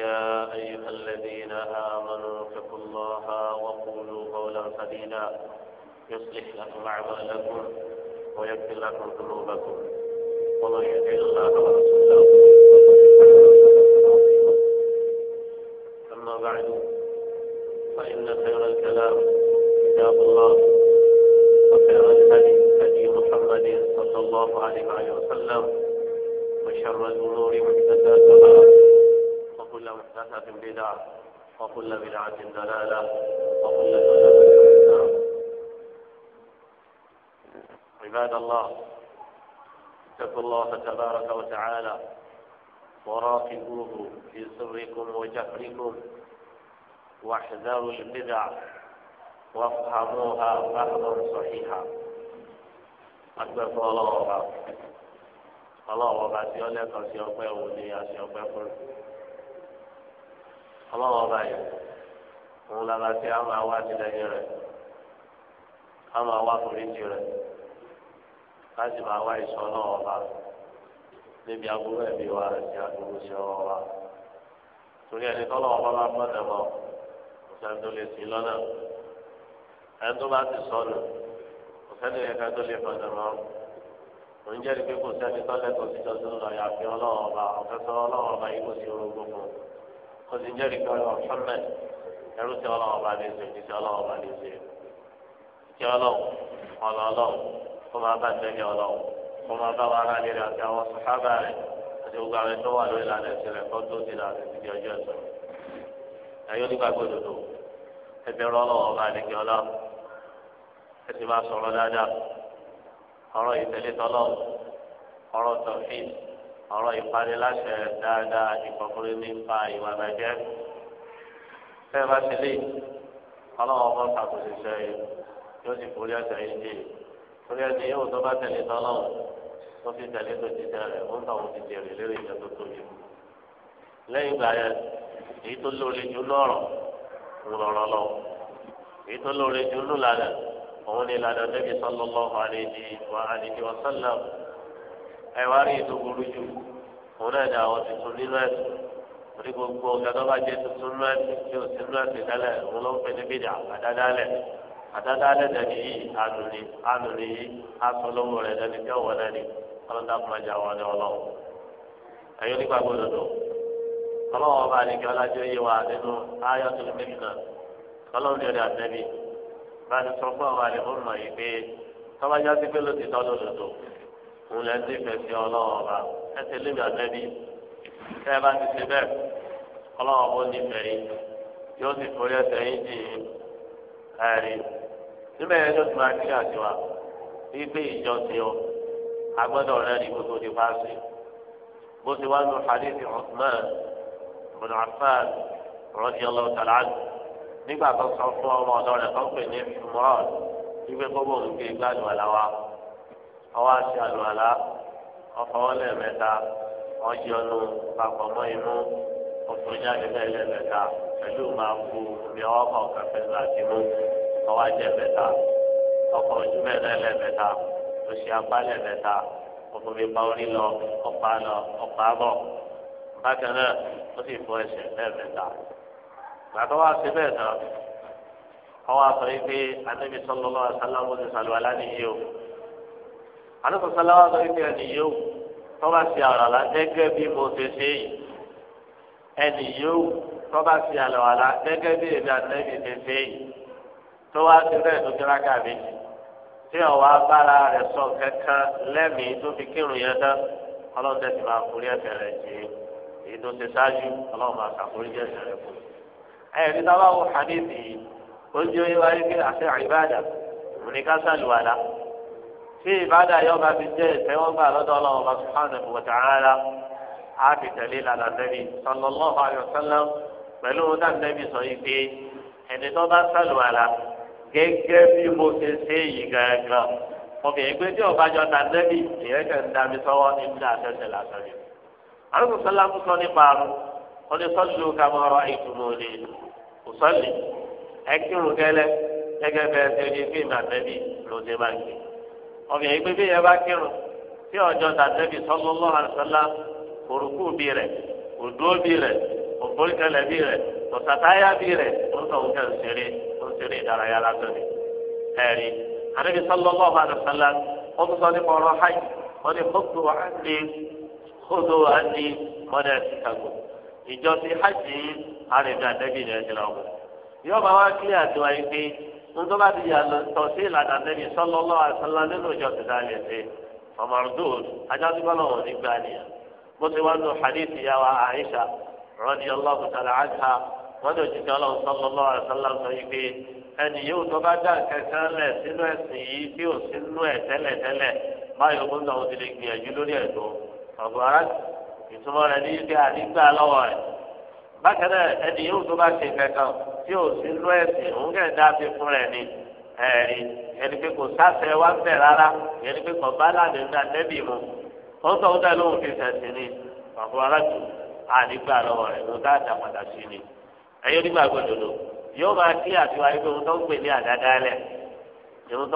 يا أيها الذين آمنوا اتقوا الله وقولوا قولا سديدا يصلح لكم أعمالكم ويغفر لكم ذنوبكم ومن يطع الله ورسوله أما بعد فإن خير الكلام كتاب الله وخير الهدي هدي محمد صلى الله عليه وسلم وشر الأمور محدثاتها وكل محدثة بدعة وكل بدعة ضلالة وكل ضلالة عباد الله اتقوا الله تبارك وتعالى وراقبوه في سركم وجهركم واحذروا البدع وافهموها فهما صحيحا أكبر الله الله وبعد يوم لا تنسوا أقوى ولي أشياء أقوى ọlọ́wọ́ báyìí òun lára tí a máa wá àtìlẹ́yìn rẹ̀ a wá foríjì rẹ̀ láti máa wá ìṣọ́ náà ọba níbi aburú ẹ̀mí wa àti aburú sí ọwọ́ wa torí ẹni tọ́lọ́ ọba bá gbọ́dọ̀ mọ́ ọ̀sẹ̀ tó lè sí lọ́nà ẹni tó bá ti sọnù ọ̀sẹ̀ tó yẹ ká tó lè gbọ́dọ̀ mọ́ òun jẹ́rìí pé kò sẹ́ni tọ́lẹ̀ tó ti jọ sí lọ́yà fi ọlọ́wọ́ ọba ọ̀fẹ́ sọ ọlọ́wọ́ ọba yìí kò sí orogún kò sì jẹ́rìí pé ọlọ́run Muhammad ẹrú sí ọlọ́run ọba ní ìsìn ìdí sí ọlọ́run ọba ní ìsìn ìdí ọlọ́run ọ̀nà ọlọ́run kó máa bá tẹ́lẹ̀ ọlọ́run kó máa bá wàhálà nílẹ̀ àti àwọn sàhábà rẹ̀ àti gbogbo àwọn ẹ̀tọ́ wà lórí ìlànà ẹ̀sìn rẹ̀ kọ́tó ti là àti ìdí ọjọ́ ẹ̀sìn. ẹ̀yọ́ nígbà gbòdòdó ẹbí ọlọ́run ọba ní kí ọlọ́run ẹ máa sọ̀rọ̀ dáadáa ọ̀rọ̀ ìtẹ̀lẹ́tọ́lọ́run ọ̀rọ̀ tọ̀fíì ọ̀rọ̀ ìparí láṣẹ dáadáa ìkọkùnrin nípa ìwà bàjẹ́. Bẹ́ẹ̀ bá ti lè ọlọ́wọ́ ọkọ̀ ṣàkóso iṣẹ́ yìí yóò sì forí ẹsẹ̀ yìí dì í. Forí ẹsẹ̀ yóò tó bá tẹ̀lé tọ́lọ́wọ́ tó fi tẹ̀lé tó ti tẹ̀ ó ń tọ̀hún ti jèrè lérè ìjọ tó tóbi. Lẹ́yìn ìgbà yẹn, èyí tó lóore jù lọ́rọ̀ rọrọ̀ lọ. Èyí tó lóore jù lù òun ni lànà Nabi sallallahu ẹ wá rí ètò burú jù òun náà ní àwọn tuntun nínú ẹsùn orí gbogbo ọgá tó bá jẹ tuntun nínú ẹsùn tí ò sí nínú ẹsùn tẹ́lẹ̀ òun ló ń pè ní bídà àdádálẹ̀ àdádálẹ̀ dání yìí ànúni ànúni yìí asọlọwọ rẹ dání tí ọwọ náà ni ọlọdà kúmájà wọn ni ọlọ́run ẹyọ nípa gbọdọdọ ọlọ́run ọba àdìgẹ ọlájọ yìí wà nínú ayọ tó lè méjì náà ọlọ́run yóò dà tẹbi bá a ti sọ fún àwọn òun lẹ ti fẹsẹ̀ ọlọ́run ọba ẹsẹ̀ lẹ́yìn àtẹ́bí tẹ́ ẹ bá ti ṣe bẹ́ẹ̀ ọlọ́run ọba ó ní fẹ́ yín yóò sì forí ẹsẹ̀ yín jì yín ẹ̀rí níbẹ̀ yẹn ló ti máa kí àtiwá wípé ìjọsìn o agbọ́dọ̀ rẹ ní gbogbo ti bá ṣe bó ti wá lu hadithi Uthman ibn Affan radiyallahu ta'ala nígbà tó sọ fún ọmọ ọ̀dọ̀ rẹ̀ tó ń pè ní murad wípé gbogbo òun gbé gbádùn àláwá ọwọ́ aṣọ àlùwàlá ọfọwọ́ lẹ́ẹ̀mẹ́ta ọjọ́nu papọ̀ mọ́ imú ọ̀tọ̀jáde bẹ́ẹ̀ lẹ́ẹ̀mẹ́ta pẹ̀lú máa kú omi ọwọ́ kọ̀ọ̀kan pẹ̀lú àti mú ọwọ́ ajẹ́ mẹ́ta ọkọ̀ ojú bẹ́ẹ̀ lẹ́ẹ̀mẹ́ta oṣù apá lẹ́ẹ̀mẹ́ta ọkùnrin bá orí lọ ọ̀pá lọ ọ̀pá bọ̀ bákan náà ó sì fọ ẹsẹ̀ lẹ́ẹ̀mẹ́ta gbàtọ́ wá sí bẹ́ẹ̀ tán ọwọ́ àtọ̀ yìí pé anábì sọ́lọ́lọ́ àlùkò sáláwá sọ wípé ẹnì yóò tọ́ba sí àlọ́lá gẹ́gẹ́ bí mo ṣe ṣe yìí ẹnì yóò tọ́ba sí àlọ́lá gẹ́gẹ́ bí èmi àtẹ́bí ṣe ṣe yìí tó wá sí bẹ́ẹ̀ tó kíra ká méjì tí ọ̀wá bára rẹ̀ sọ kankan lẹ́mìí tó fi kírun yẹn tán ọlọ́run tẹ̀sí máa forí ẹ̀fẹ̀ rẹ̀ jì í èyí tó ṣe ṣáájú ọlọ́run máa ṣàforí ẹ̀fẹ̀ rẹ̀ fún un. ẹ̀yẹ̀dí wo hadith yìí ó wáyé pé àṣẹ àìbáàdà òun ká sàlùwàlà tí ìbádà yóò bá fi jẹ́ ìtẹ́wọ́gbà lọ́dọ̀ ọlọ́run bá subhanahu wa ta'ala á fi tẹ̀lé ìlànà nẹ́bí sallallahu alaihi wasallam pẹ̀lú ọ̀dà nẹ́bí sọ yìí pé ẹni tó bá sàlùwàlà gẹ́gẹ́ bí mo ṣe ṣe yìí gàgà obìnrin pé tí ọba jọ ta nẹ́bí ìyẹn kẹ́ ń dami sọ́wọ́ níbi àtẹ̀tẹ̀ lásán yìí. àrùn sọ́lámù sọ nípa àrùn ó ní sọ́lù kàmọ́rọ́ ìtumọ̀ òde kò sọ́lì ẹ kírun gẹ́lẹ́ gẹ́gẹ́ bẹ́ẹ̀ ṣe ní fíìmù àtẹ́bí lóde ọbẹ̀ yìí pé bí yẹn bá kírun tí ọjọ́ tàbí sallallahu alaihi wasallam òrùkú bí rẹ̀ òdúró bí rẹ̀ òbóríkẹlẹ̀ bí rẹ̀ òsàtáyà bí rẹ̀ òǹtọ̀ǹkẹ̀ òṣèré òṣèré ìdárayá lásán ni. ẹ̀rí ànábi sallallahu alaihi wasallam ó tún sọ nípa ọ̀rọ̀ hajj wọ́n ní kókò àti kókò àti mọ́dẹ̀ chicago ìjọ ti hajj yìí àrègbè àdẹ́bì ní ẹ̀ nítorí bá ti yà lọ tọ̀ sí ìlànà nẹ́bí sọ́lọ́lọ́ àṣàlá nínú ìjọ ti dáhìí ẹ̀sẹ̀ ọ̀mọ̀rúdùn ajásígbọ́nà wọn ní gbàníyà bó ti wá lọ hadith ìyá wa Aisha radiyallahu ta'ala anha wọ́n lè jìjọ́ lọ sọ́lọ́lọ́ àṣàlá sọ yìí pé ẹnì yóò tó bá dá kẹsàn lẹ̀ sínú ẹ̀sìn yìí tí ò sínú ẹ̀ tẹ́lẹ̀tẹ́lẹ̀ báyọ̀ fún náà ó tí ò sí lọ ẹ̀sìn òun kẹ̀ fún rẹ̀ ni ẹ̀rí ẹni pé kò wá bẹ̀ rárá ẹni pé kò bá láàdé ńlá nẹ́bì mu ó sọ lóhùn fi sẹ̀sìn ni bàbá aráàlú àdìgbà lọ́wọ́ rẹ̀ ló dá àdá padà sí ni nígbà yóò máa kí pé òun tó ń pè ní àdáda ìrùn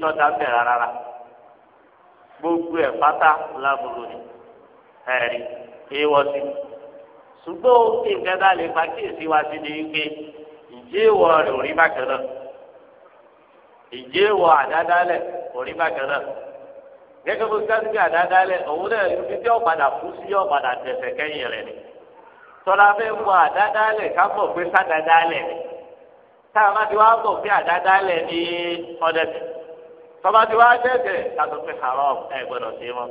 tó bá gbogbo ẹ̀ pátá ẹ̀rí èèwọ̀ sí. ṣùgbọ́n òkè nǹkan lè fa kíyèsí wa sí ni wípé ìjẹ́ ìwọ rẹ̀ ò rí bákan náà ìjẹ́ ìwọ àdádálẹ̀ ò rí bákan náà gẹ́gẹ́ bó sẹ́ńtì àdádálẹ̀ òun náà ibi tí ọ̀padà kú sí ọ̀padà tẹ̀sẹ̀ kẹ́yìn rẹ̀ ni tọ́lá fẹ́ mọ àdádálẹ̀ ká mọ̀ pé sádádálẹ̀ ni tá bá ti wá mọ̀ pé àdádálẹ̀ ni ọ̀dẹ̀tẹ̀ ti wá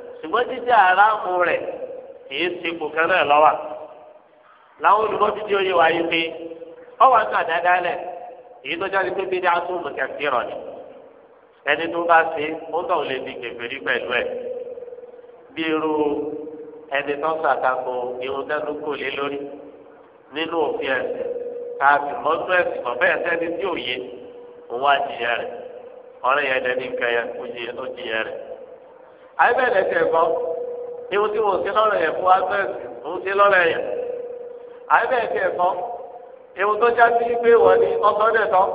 ṣùgbọ́n jíjẹ́ aráàmù rẹ̀ kìí ṣe kò kẹ́rẹ́ lọ́wọ́ làwọn olùkọ́ jíjẹ́ oyè wáyé pé ọwọ́ àti àdáadáa lẹ̀ èyí tó jáde pé bíi dáhùn mùkẹ́kì rọ̀ ni ẹni tó bá ṣe ó tọ̀ di kèfèrí pẹ̀lú ẹ̀ bí irú ẹni tó iwu irun tẹ́nu kò lé lórí nínú òfin ẹ̀sìn káàfin mọ́tò ẹ̀sìn kọ̀ bẹ́ẹ̀ sẹ́ni tí ò yé òun á jìyà rẹ̀ ọ̀rẹ́ yẹn dẹ́ni ó jìyà àyè bẹ́ẹ̀ lẹ́sẹ̀ gbọ́ ihun tí mo ṣe lọ́rọ̀ yẹn fún agbẹ́sì mo ṣe lọ́rọ̀ yẹn àyè bẹ́ẹ̀ tiẹ̀ gbọ́ ihun tó já sí pé wọ́n ní ọ̀sán dẹ̀ tọ́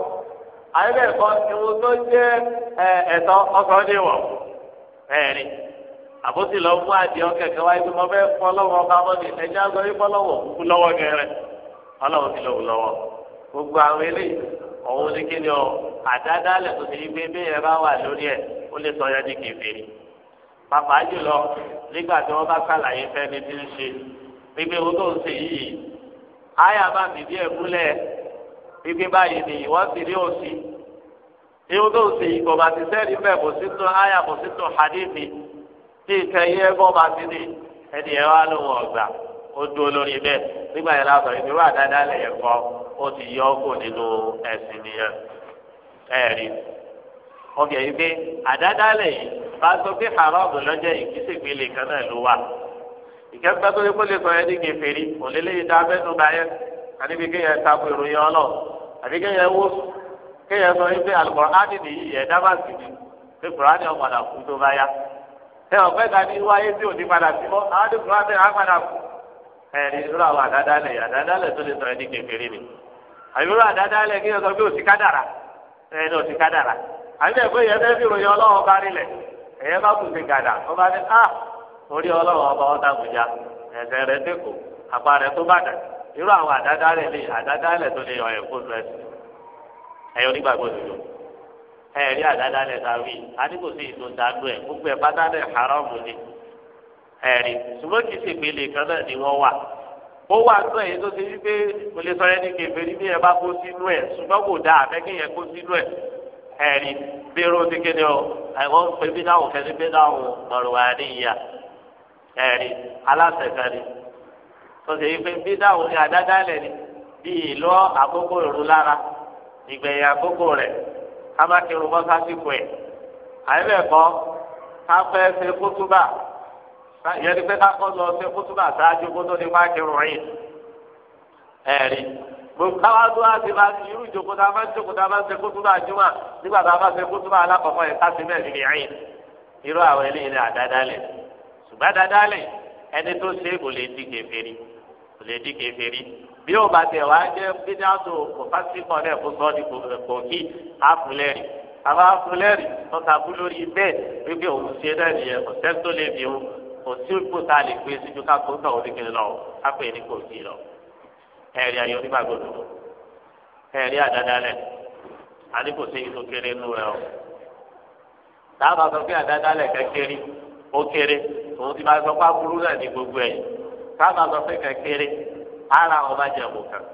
àyè bẹ́ẹ̀ kọ́ ihun tó jẹ́ ẹ̀tọ́ ọ̀sán dẹ̀ wọ̀ ẹ̀rí àbótí lọ mú adìẹ kẹkẹ wáyé bí mo fẹ́ fọ́ lọ́wọ́ ọba mọ́ni ẹ̀jẹ̀ àgọ́ yìí fọ́ lọ́wọ́ òkú lọ́wọ́ gẹ̀rẹ́ ọlọ́wọ́ ti lọ́wọ́ ní kí ni ọ àdádálẹ̀ tó ti yí pé bẹ́ẹ̀ bá wà lórí ẹ̀ ó lè sọ yá ní kèfèrí pàápàá jùlọ nígbà tí wọ́n bá sàlàyé fẹ́ni tí ń ṣe pípé owó tó ń ṣe yìí àyà bá mi díẹ̀ múlẹ̀ pípé báyìí ni ìwọ́n ti rí òsì ìwọ́n tó ń ṣe yìí kò bá ti sẹ́ẹ̀dì bẹ́ẹ̀ kò sí tún àyà kò sí tún hadithi tí ìkẹyẹ bọ́ bá ti ní ẹni ẹ wá lóhùn ọ̀gbà ó dúró lórí bẹ́ẹ̀ nígbà yẹn lásán ìdúró àdáadáa lẹ̀yẹ̀ kọ́ ó ti yọ ọ́ kò nínú ẹ̀sìn nìyẹn ẹ̀rí wọn bẹ̀rẹ̀ pé àdádálẹ̀ yìí bá sọ pé haramu lọ́jọ́ ìkísègbélé kan náà ló wà ìkẹ́kọ̀ọ́ tó lè kó lè sọ ẹ́ ní kẹfẹ́rí òlélẹ́yìn dá mẹ́nu báyẹn àníbi kéèyàn takò ìròyìn ọlọ́ àbí kéèyàn wó kéèyàn sọ wípé alukọ̀ránì nìyí yẹn dábà sí ni pé kùránì ọ̀padà kú tó bá yá ẹ ọ̀pẹ́ ta ní wáyé tí ò ní padà sí mọ́ àwọn kùránì á kú ẹ ní àwọn àdádálẹ̀ àdádálẹ̀ tó lè sọ ẹ́ ní kẹfẹ́rí ni àbí irú àdádálẹ̀ kéèyàn sọ pé òsì kádàrà ẹ òsì kádàrà àti ẹ̀fọ́ yẹn fẹ́ fi ròyìn ọlọ́run bá nílẹ̀ ẹ̀yẹ bá kùn sí gàdà ó bá ní á ah, orí ọlọ́run ọba ọ̀tá bùjá ẹ̀sẹ̀ rẹ̀ dẹ́kọ̀ àpá rẹ̀ tó bàdà irú àwọn àdádálẹ̀ lè àdádálẹ̀ tó lè yọ ẹ̀yọ nígbàgbọ́ sí ìtò dàdú ẹ̀ gbogbo ẹ̀ haramu ni ni wọ́n wà ó wà tó ẹ̀yìn tó wípé ẹni kẹfẹ́ ní bí ẹ bá kó ẹ̀rí bírú ti kéde o àwọn ń pè bídáhùn kẹ́ni bídáhùn ọ̀rùwà níyà ẹ̀rí alásẹ̀kẹ́ni tó ṣe yí pé ní ni ìlú àkókò lára ìgbẹ̀yìn àkókò bọ́ sásìkò ẹ̀ àyẹ̀bẹ̀kọ́ ṣe yẹni pé lọ ṣe ṣáájú ní rìn ẹ̀rí. káwá tó wá sí máa irú ìjókòó tá a máa ń jókòó tá a máa ń ṣe kótó náà juma nígbà tá a máa ṣe kótó náà alákọ̀ọ́kọ́ yẹn ká sí bẹ́ẹ̀ níbi ẹ̀yìn irú àwọn eléyìí ni àdádálẹ̀ ṣùgbọ́n àdádálẹ̀ ẹni tó ṣe kò lè di kèfèrí kò lè di kèfèrí bí ó bá tẹ̀ wá jẹ́ bídáàtò kò fásitì kan náà kó sọ́ọ́ di kòkí àfúlẹ́rì àbá àfúlẹ́rì tó takú lórí bẹ́ẹ̀ wípé òun ṣe náà nìyẹn kò sẹ́ tó lè bí òun kò sí ipò tá a lè gbé síjú ká kó tọ̀ òdìkì ẹ̀rí ayọ̀ nígbà gbọdọ̀ ẹ̀rí àdádálẹ̀ àdínkù sí ìlú kéré nù rẹ̀ o tààbà sọ pé àdádálẹ̀ kékeré ó kéré òun ti máa sọ pé aburú náà ní gbogbo ẹ̀ tààbà sọ pé ara àwọn jẹ̀mú kan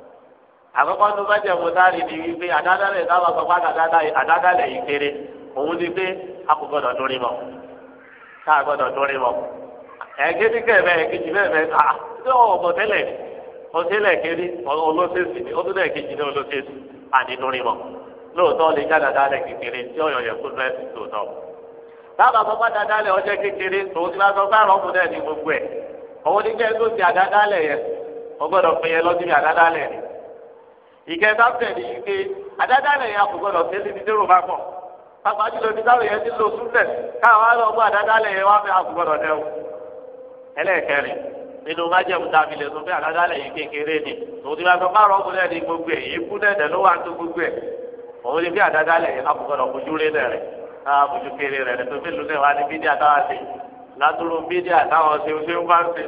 àkọ́kọ́ tó bá jẹ̀mú sáré ni wípé àdádálẹ̀ tààbà sọ pé àdádálẹ̀ yìí kéré òun ti pé a kò ọsẹlẹ kiri ọlọsẹsì ni ọdúnlẹ kejì ní ọlọsẹsì àdínúrí mọ lóòótọ́ lè já dáadáa lẹ kékeré tí ọ̀yọ̀ yẹ kó lọ ẹ̀sìn tòótọ́. dábàá sọ fún àdáadáa lẹ ọjọ́ kékeré tòun ti máa sọ fún àrọ́mù náà ní gbogbo ẹ̀ òun ní kẹ́ ló ti àdáadáa lẹ yẹ ọgbọ́dọ̀ lọ́sí lẹ ni. ìkẹta ike lẹ dérò jùlọ ní yẹn ti lò súnlẹ̀ káwọn nínú májẹ̀mú tàbí lè tún bí àdádálẹ̀ yìí kékeré ni òun ti máa fẹ́ bá rọ́ọ̀bù náà ní gbogbo ẹ̀ ikú dẹ̀dẹ̀ ló wà tó gbogbo ẹ̀ òun ni bí àdádálẹ̀ yìí àbùkọ̀dọ̀ fojú rí rẹ̀ náà kéré rẹ̀ nítorí mélòó náà wà ní bídíà táwọn ṣe látúrú bídíà táwọn ṣe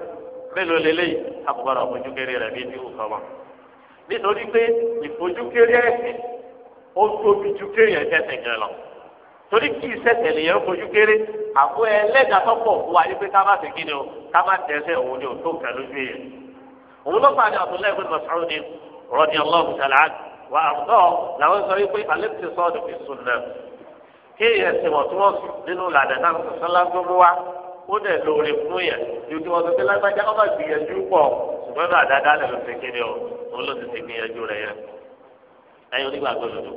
tábà dẹ́sẹ̀ òun ni òtó kẹlú ju yẹn òun ló pàdé Abdullahi ibn Mas'ud ni radiyallahu ta'ala wa àbúrò làwọn sọ wípé alẹ́ ti sọ ọdún fi sùn náà kí èèyàn ti wọ̀n tí wọ́n sùn nínú làdà náà sọ́lá tó mú wa ó dẹ̀ lóore fún yẹn ju kí wọ́n sọ pé lágbájá wọ́n bá gbìyànjú pọ̀ ṣùgbọ́n náà dáadáa lẹ́nu ti kéde o òun ló ti ti gbìyànjú rẹ̀ yẹn ẹ̀yin onígbàgbọ́ lòdò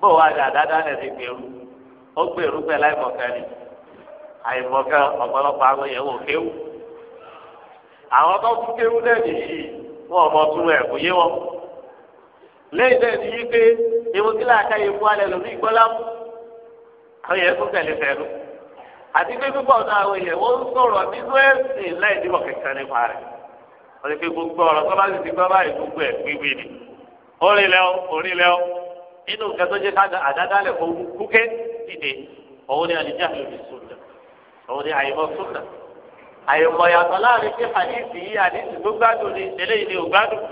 bó wa dáadáa lẹ́nu ti gbèrú ó gbèrú pẹ̀lú àìmọ̀kẹ́ni àìmọ̀kẹ́ ọ̀pọ̀lọpọ̀ àwọn èèyàn wò kéwù àwọn tó tún kéwù náà ọmọ tún ẹ̀ yé wọn lẹ́yìn náà ni pé ewu kí láàka yẹ fún alẹ́ lómi ìgbọ́lá mú àwọn èèyàn tún tẹ̀lé àti pé púpọ̀ náà àwọn èèyàn wọ́n ń sọ̀rọ̀ nínú ẹ̀sìn láì kẹ̀kẹ́ nípa rẹ̀ wọ́n ti fi gbogbo ọ̀rọ̀ tó bá sì ti gbọ́ báyìí gbogbo òun ni àyèmọ súnà àyèmọ yàtọ̀ láàrin pé àdìsí yìí àdìsí tó gbádùn ni eléyìí ni ò gbádùn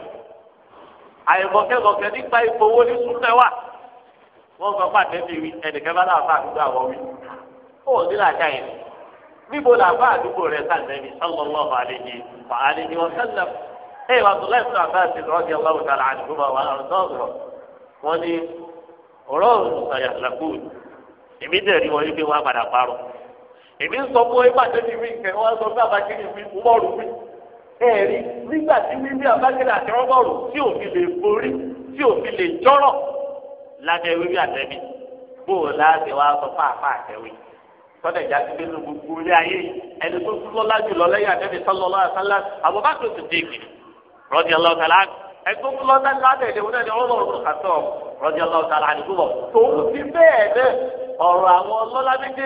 àyèmọ kẹkọọkẹ nípa ipò owó ní súnà wà wọn sọ fún àtẹ́bí wí ẹnìkan bá láàbá àdúgbò àwọn wí ó ní làákà yẹn níbo làbá àdúgbò rẹ sàǹdẹ́bí sallallahu alaihi wa alihi wa àbá àti rọ́ọ̀dì àdúgbò wọn ni wọn yí pé èmi ń sọ fún ẹgbẹ́ àtẹ́bí wí kẹ́ wọ́n sọ fún abakiri wí wọ́ọ̀rù ẹ̀rí nígbà tí ní abakiri àti rọ́bọ̀rù tí lè borí tí lè jọ́rọ̀ lábẹ́ wíwí bó o láti wá sọ fún àfa àtẹ́wé. sọ́dọ̀ ìjà ti gbẹ́nu gbogbo orí ayé ẹni tó lọ́lá lẹ́yìn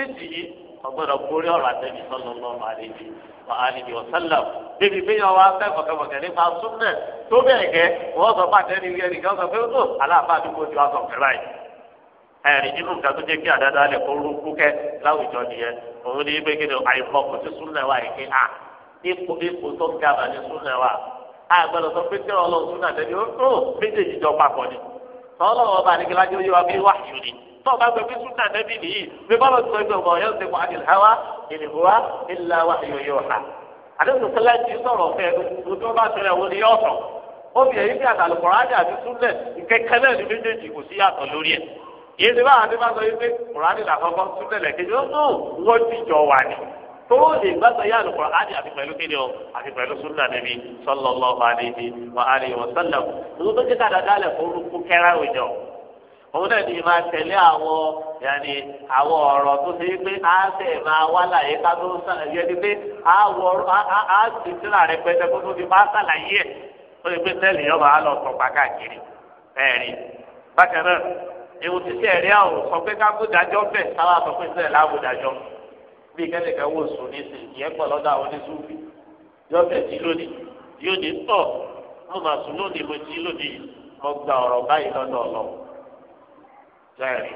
tó ti ọgbọ́dọ̀ borí ọ̀rọ̀ àtẹ̀bí sallallahu alaihi wa alihi wa sallam débi pé yọ wá fẹ́ fọ̀kẹ́fọ̀kẹ́ nípa súnmẹ̀ tó bẹ̀rẹ̀ gẹ́ wọ́n sọ fún àtẹ̀bí rẹ̀ nìkan sọ pé ó tó aláàbá àdúgbò ju aṣọ fẹ́ báyìí. ẹ̀rì nínú nǹkan tó jẹ́ kí àdáda lè kó rúkú kẹ́ láwùjọ nìyẹn òun ní pé kí ni àìmọ̀ kò sí súnmẹ̀ wa yìí à ipò ipò tó ga bà ní súnmẹ̀ wa àgbẹ̀lọ̀ sọ pé kí ọlọ́run súnmẹ̀ àtẹ̀bí ó méjèèjì jọ papọ̀ ni tọ́lọ́wọ́ tó o bá gbé bí súnà nẹ́bí nìyí bí bọ́lá ti sọ ẹgbẹ́ ọmọ ọ̀yọ́ ti wà ní ìlàwá ìlìhùwà ìlà wà yòyò hà. àdéhùn sọlá ti sọ̀rọ̀ fẹ́ ojú ọba sọ̀rọ̀ ẹ̀wọ̀n ni yóò sọ̀ ó fi bí àtàlùkọ̀rọ̀ àdé àti súnlẹ̀ ìkẹ́kẹ́ náà ní méjèèjì kò sí yàtọ̀ lórí ẹ̀. èyí bá àti bá sọ yìí pé kùránì làkọ́kọ́ súnlẹ̀ lẹ́kẹ́jọ́ náà wọ́n ti jọ wà ní tóró lè gbàgbọ́ yá lùkọ́ àti pẹ̀lú kíni o àti pẹ̀lú sunna níbi sallallahu alaihi wa alihi wa òun náà ní máa tẹ̀lé àwọn yàní àwọn ọ̀rọ̀ tó ṣe pé á tẹ̀ máa wá láyé ká tó yẹni pé á wọ á sì síra rẹ pẹ́tẹ́ kó tó fi máa ṣàlàyé ẹ̀ ó lè pé tẹ́lẹ̀ yọba á lọ tọ̀pá káàkiri ẹ̀rí bákan náà ewu títí ẹ̀rí àwọn sọ pé ká bó dájọ́ bẹ̀ sọ pé sílẹ̀ dájọ́ bí kẹ́lẹ́kẹ́ wò sùn ní pọ̀ lọ́dọ̀ àwọn oníṣùfì bẹ́ẹ̀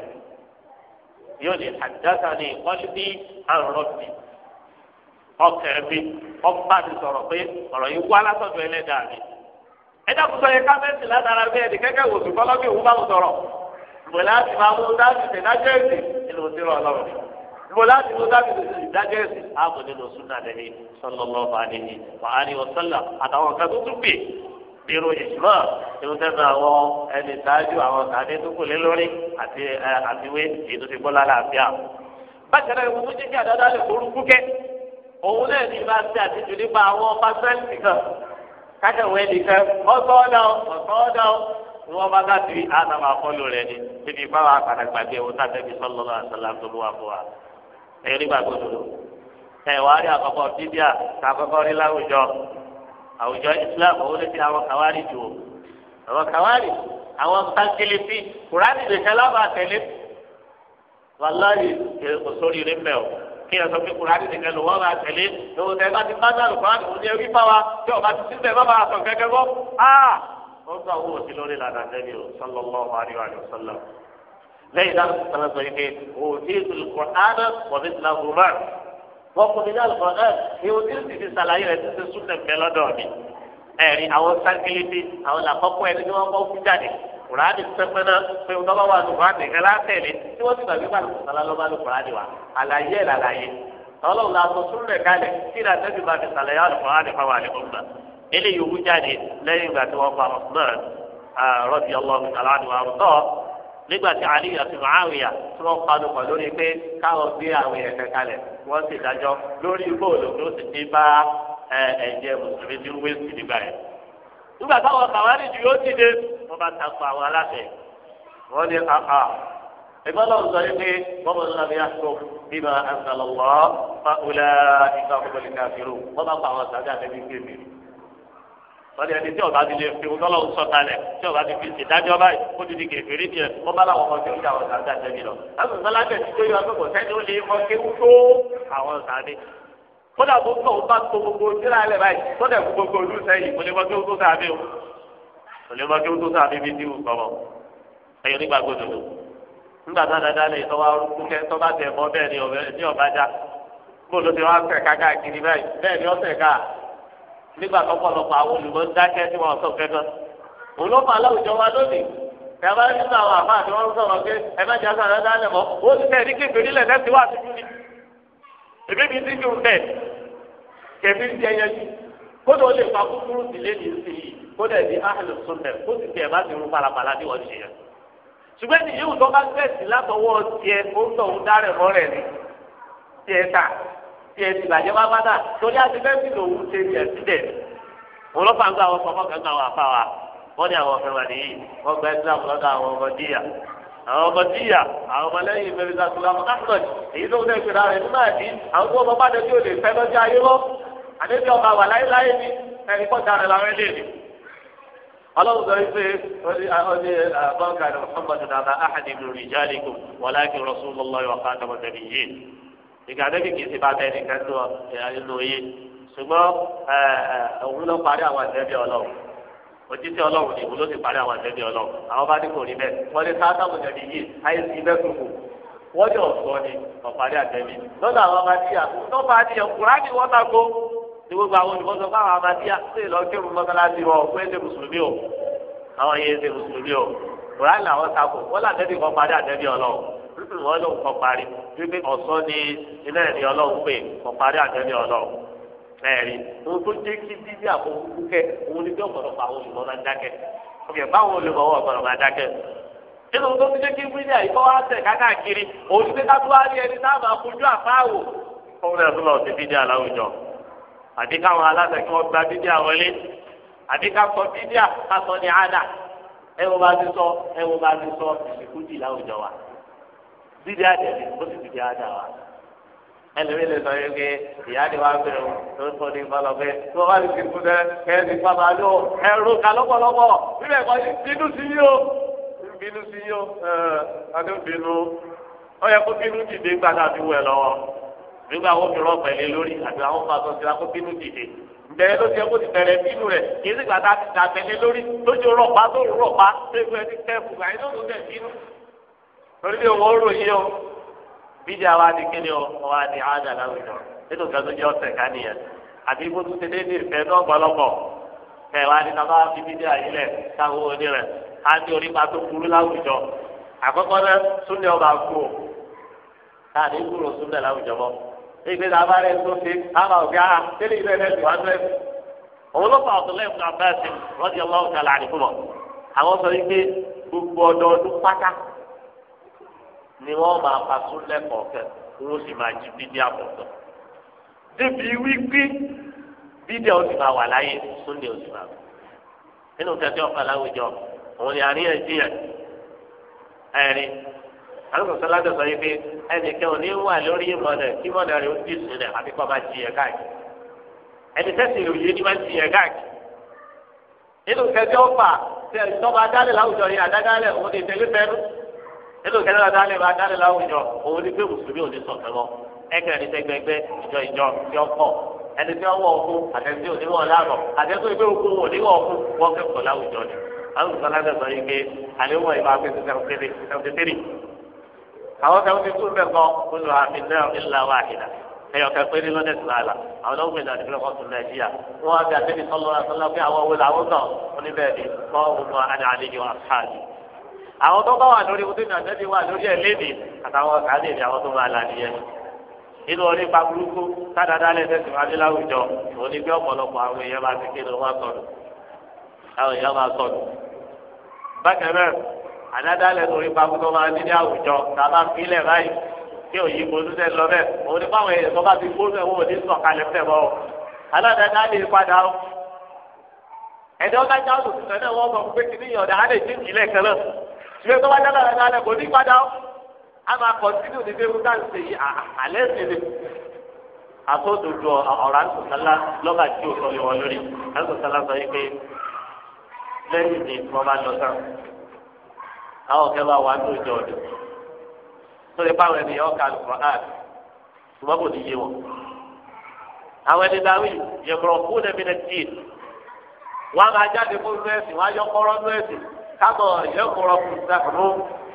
yóò ní àdáta ní ìkọ́lé bí àrùn mi ọkẹ́ mi ọba ti sọ̀rọ̀ pé ọ̀rọ̀ yìí wá látọ̀dọ̀ ẹlẹ́dàá mi ẹ̀dá kùsọ̀ yẹ káfẹ́ǹsì látara bí ẹ̀dì kẹ́kẹ́ wò sí kọ́lọ́bì òun bá mi sọ̀rọ̀ ìbò láti máa mú dájú sí ẹ̀sìn nínú sírọ̀ ọlọ́run ìbò láti mú dájú sí ẹ̀sìn ààbò nínú súnà lẹ́ni sọlọ́lọ́ irun ìṣúná irun tẹ́sán àwọn ẹni ṣáájú àwọn sàdé tó kù lé lórí àti àtiwé èyí tó ti gbọ́ lálàáfíà. bákan náà ìwúwo jíjẹ́ àdáadáa lè forú kúkẹ́ òun náà ní ibà sí àtijọ́ nípa àwọn pásẹ́ǹtì kan kájọ̀wé nìkan ọ̀sọ́ọ̀dà ọ̀sọ́ọ̀dà ni wọ́n bá dá sí àtàwọn afọ́lù rẹ̀ ni níbi ìbáwá àkàtàgbàgbé ẹ̀wọ̀n tàbí sọ́lọ́lá àtàlámdọ́lúwà fún wa ẹ̀rí gbàgbọ́dọ̀ ẹ̀wọ̀n àrí àkọ́kọ́ bíbíà àkọ́kọ́ rí láwùjọ àwùjọ islam ó lè ti àwọn kàwárì jù ó àwọn kàwárì àwọn kankilifi kùránì nìkan lábàá tẹ̀lé wàláyé kò sórí rẹ mẹ́ o kí ẹ sọ pé kùránì nìkan ló wọ́n bá tẹ̀lé lóun tẹ̀ bá ti bá dàrú kùránì òun ní ẹbí fáwa tí ọba ti síbẹ̀ bá bàa sọ kẹ́kẹ́ bọ́ a wọ́n gbà owó òsì lórí lànà nẹ́bí o sallallahu alaihi wa sallam lẹ́yìn náà sọ̀rọ̀ sọ̀rọ̀ yìí pé òtí ìtùlù kùránì wọ́n kún mi ní àlùkò náà ni o ti ń ti sàlàyé rẹ̀ ti ṣe súnlẹ̀ bẹ́ẹ̀ lọ́dọ̀ mi. ẹ̀rí àwọn sákìlìtì àwọn làkọ́kọ́ ẹni tí wọ́n kọ́ fún jáde kùránì pẹ́pẹ́ náà pé wọ́n bá wà lùkọ́ àti ìkẹ́lá tẹ̀lé tí wọ́n ti gbàgbé bá lùkọ́ sálá lọ́ba lù kùránì wa àlàyé làlàyé ọlọ́run la sọ súnlẹ̀ kalẹ̀ kí ni àtẹ́bí máa fi sàlàyé àlùkùránì fáwọn àlùkùnrin eléyìí wú jáde lẹ́yìn ìgbà tí wọ́n pa ah, nígbà tí ali àti muawiya tí wọn panu pọ lórí pé káwọn gbé àwọn ẹsẹ kalẹ̀ wọn sì dájọ́ lórí bóòlù tó sì ti bá ẹ̀jẹ̀ mùsùlùmí tí ń wé sí nígbà yẹn. nígbà táwọn kàwárí ju yóò ti dé wọn bá takò àwọn aláṣẹ wọn ní kàkà ẹgbẹ́ náà sọ yìí pé wọn bọ nínú abẹ́yà tó bímọ àgbàlọ́wọ́ fáwọlá ìgbà kọ́kọ́ lè káfíìrù wọn bá pa àwọn sàgá àbẹ́bí kéèmì wọ́n yẹ ni tí ọba ti lè fi ọlọ́lọ́ ń sọ̀tà lẹ̀ tí ọba ti fi ìdájọ́ báyìí ó ti di kẹfìrí ni ẹ̀ wọ́n bá láwọn ọmọ tí ó yà wọ́n sàdá jẹ́bi lọ. ẹ̀sùn sọlá bẹ̀ ti tóyọ pé sẹ́ni ó lè kọ́ kéwú tó àwọn sàdé. kódà tó tọ̀ ó bá tó gbogbo síra lẹ̀ báyìí tó dẹ̀ gbogbo ojú sẹ́yìn kò lè mọ kéwú tó sàbí o kò lè mọ kéwú tó sàbí bí tíwù kọ́mọ. ẹ̀yin nígbà lọ́pọ̀lọpọ̀ àwọn olùmọ̀ ń dákẹ́ tí wọ́n sọ kẹ́kọ̀ọ́ òun ló fà láwùjọ wa lónìí ẹ bá nínú àwọn àbá àti wọn sọ̀rọ̀ pé ẹ má jà sàrẹ́ dálẹ̀ mọ́ ó ti tẹ̀ ní kékeré lẹ̀ lẹ́sìn wá sí júlì èmi mi ti dùn bẹ́ẹ̀ kẹ̀mí ń jẹ yẹn jù kódà ó lè fa kúkúrú sílé ní ìsinyìí kódà ẹ̀dí áhàlù sunnah kó sì tiẹ̀ má ti rún palapala bí wọ́n ṣe yẹn ṣùgbọ́n ní yíwù tó bá gbẹ̀sì látọwọ́ tiẹ̀ ó ń tọ̀ ń dárẹ̀ mọ́rẹ̀ ni tiẹ̀ ta tí ẹ ti bàjẹ́ wá bàtà torí àti bẹ́ẹ̀ bí lòun ṣe ti ẹ̀sídẹ̀ òun ló fà ń gba àwọn ọmọ kan gba àwọn afáwa wọ́n ní àwọn ọ̀fẹ́ wà nìyí wọ́n gba islam lọ́dọ̀ àwọn ọmọ díyà àwọn ọmọ díyà àwọn ọmọ lẹ́yìn mẹ́rin sàkúlámù káfíńtọ̀ èyí tó ń tẹ̀sí ra rẹ̀ nígbà tí àwọn tó ọmọ bá dẹ̀ tí ò lè fẹ́ lọ́jọ́ ayé lọ àdébí ọba wà láéláé ni ẹni kọ́ darẹ̀ làwọn ẹlẹ́ ni. ọlọ́run sọ wípé ọdí bọ́ǹkà ni muhammadu nàbà ahadi lórí ìjáde kù wọlé ìgbàdébì kì í ti bá bẹ nìkan tó yìí ṣùgbọ́n òun ló parí àwọn àtẹ́bí ọlọ́run òtítí ọlọ́run ni òun ló ti parí àwọn àtẹ́bí ọlọ́run àwọn bá ní kò rí bẹ́ẹ̀ wọ́n ní sátáwù jẹ̀bi yìí ayé ti kúkú wọ́n ní ọ̀sọ́ ni ọ̀parí àtẹ́bí lọ́dọ̀ àwọn amadíyà tó bá di ọ̀kúrá ni wọ́n bá ní gbogbo àwọn olùkọ́sọ fún amadíyà tó lè mọ́sálásí wọn pé wọ́n lòun kọ́ parí wípé ọ̀sán ni iná ẹ̀rí ọlọ́run pè kọ́ parí àtẹ́lẹ́ ọlọ́run ẹ̀rí ohun tó jẹ́ kí bíbí àkókò kúkẹ́ òun ni bí ọ̀pọ̀lọpọ̀ àwọn olùmọ̀ máa ń dákẹ́ ọ̀kẹ́ báwọn olùmọ̀ wọ̀ ọ̀pọ̀lọpọ̀ máa dákẹ́ nínú tó ti jẹ́ kí bíbí àyíkọ́ wá tẹ̀ kákàkiri òun ti ká tó wá rí ẹni táàbà kojú àfáàwò ọ̀hún ẹ̀ tó lọ sí bíbí àláwùjọ àbí káwọn aláṣẹ kí wọ́n gba bíbí àwọlé àbí ká sọ bíbí àkásọ ní àdà ẹ wo bá ti sọ ẹ wo bá ti sọ ìṣèkújì láwùjọ wa dídí àdé ni ó sì dídí àdá wa ẹlẹ́mi lè sọ yìí pé ìyá ni wàá bẹ̀rẹ̀ o tó ń sọ ní ìfọlọ pé tó bá ti kú dẹ kẹ́hìn nípa máa lò ẹ̀rù ká lọ́pọ̀lọpọ̀ níbẹ̀ kọ́ bínú sí yìí o bínú sí yìí o adé bínú ó yẹ kó bínú dìde gbàdá fi wẹ̀ lọ́wọ́ nígbà wo fi rọ́ọ̀pẹ̀ lé lórí àti àwọn fàtọ́ sí la bínú dìde bẹ̀rẹ̀ ló ti ẹkó ti bẹ̀rẹ̀ bínú rẹ̀ kì í sì gbàdá ti dàbẹ̀ lé lórí lójú rọ̀pá tó rọ̀pá torí bí owó rò yí o bíjà wa di kíni o wa di àdà láwùjọ nínú gàdó jẹ ọ̀sẹ̀ ká nìyẹn àti ibò tó ti dé ní ìfẹ́ náà gbọlọpọ kẹ wa ni kaba fi bíjà yìí lẹ káwọ òní rẹ ká ní onípa tó burú láwùjọ àkọ́kọ́ náà súnlẹ ọba kú o káàdé kúrò súnlẹ mọ ìgbé ta bá rẹ tó fi òkè wá òun ló fà ọtún lẹ́yìn abẹ́ẹ̀sì rọ́ọ̀dì ni wọ́n máa fa súnlẹ̀ kọ̀ọ̀kẹ́ wọ́n sì máa jí bídí àbọ̀tọ̀. débi wípé bídí ọ̀ sì máa wà láyé súnlẹ̀ ọ̀ sì máa wà. nínú kẹtẹ ọ̀pá láwùjọ òun ni àríyànjiyàn ẹ̀rí alùpùpù láti sọ yìí pé ẹnìkan ò ní wà lórí ìmọ̀lẹ̀ kí mọ̀lẹ̀ rẹ̀ ó dì sílẹ̀ àbí kọ́ máa jiyàn káàkiri ẹni tẹ́sí ìròyìn ni máa jiyàn káàkiri nínú kẹtẹ ọ̀pá tọ́ba dálẹ̀ láwùjọ yìí nínú kẹlẹ́ la dálé ma dálé la wùjọ òun ní pé mùsùlùmí ò ní sọ̀tẹ̀ lọ ẹgbẹ́ ní tẹgbẹ́gbẹ́ ìjọ ìjọ tí ó kọ̀ ẹni tí ó wọ̀ ọkú àtẹ̀sí òní wọ̀ láàrọ̀ àtẹ̀sí ìgbé òkú wọ̀ ní wọ̀ ọkú wọ́n kẹ́kọ̀ọ́ láwùjọ ni àwọn ìsọ̀tẹ̀ láti sọ yìí pé àléwọ̀ ìbá pèsè seventy three àwọn seventy two bẹ́ẹ̀ kọ́ olùwà àmì náà ńlá wà àhìnà ẹyọ kẹfẹ ní lọdẹ tìlá la àwọn ọmọ ìlànà ìfẹ́ kọsù nàìjíríà wọn wá bí àtẹnì sọlọ àtọlá pé àwọn wọlé àwọn náà wọn níbẹ̀ ni kọ́ ọmọ àdàlẹ́ yọ àṣáájú àwọn tó bá wà lórí ibùdó ní àtẹ́bí wà lórí ẹ̀ léde àtàwọn kàdé ní àwọn tó máa là nìyẹn nínú orí pa burúkú sádàdà lẹ́sẹ̀ tí wọ́n dé láwùjọ òun ni bí ọ̀pọ̀lọpọ̀ àwọn èèyàn máa ti kéde wọn sọ̀rọ̀ àwọn èèyàn máa sọ̀rọ̀ bákan náà àdàdà lẹ́sẹ̀ orí pa burúkú máa ní ní àwùjọ tàbá fílẹ̀ báyìí tí òyì ìbòdú tẹ̀ lọ bẹ́ẹ̀ òun ni báwọn èèyàn tó bá ti gbóná wọn ò ní sọ̀kalẹ̀ fẹ́ bọ́ aládàdà lè padà ó ẹ̀dọ́ bá jáwé òṣìṣẹ́ náà wọ́n ìgbẹ́ tó bá dáná rẹ̀ lálẹ́ kò ní padà ó a máa kọ̀ntínú ní bẹ́ẹ̀ múta ṣe àlẹ́ sí ni àtòdodo ọ̀rọ̀ àtòsálá lọ́gà tí o sọ yọ̀wọ̀ lórí àtòsálá sọ yìí pé lẹ́yìn ni wọ́n bá lọ sàn àwọn kẹ́ bá wà ní òjò ọ̀dọ̀ tó lè báwọn ènìyàn ọ̀ka lùkọ́ àn ṣùgbọ́n kò ní yé wọn. àwọn ẹni dáwì yẹ̀bùrọ̀ fún ẹ̀mí náà dì wọ́n á máa jáde fún nú wọ́n á yọ kọ́rọ́ nú kábọ̀ yọkùrọ̀ kùsàkùrù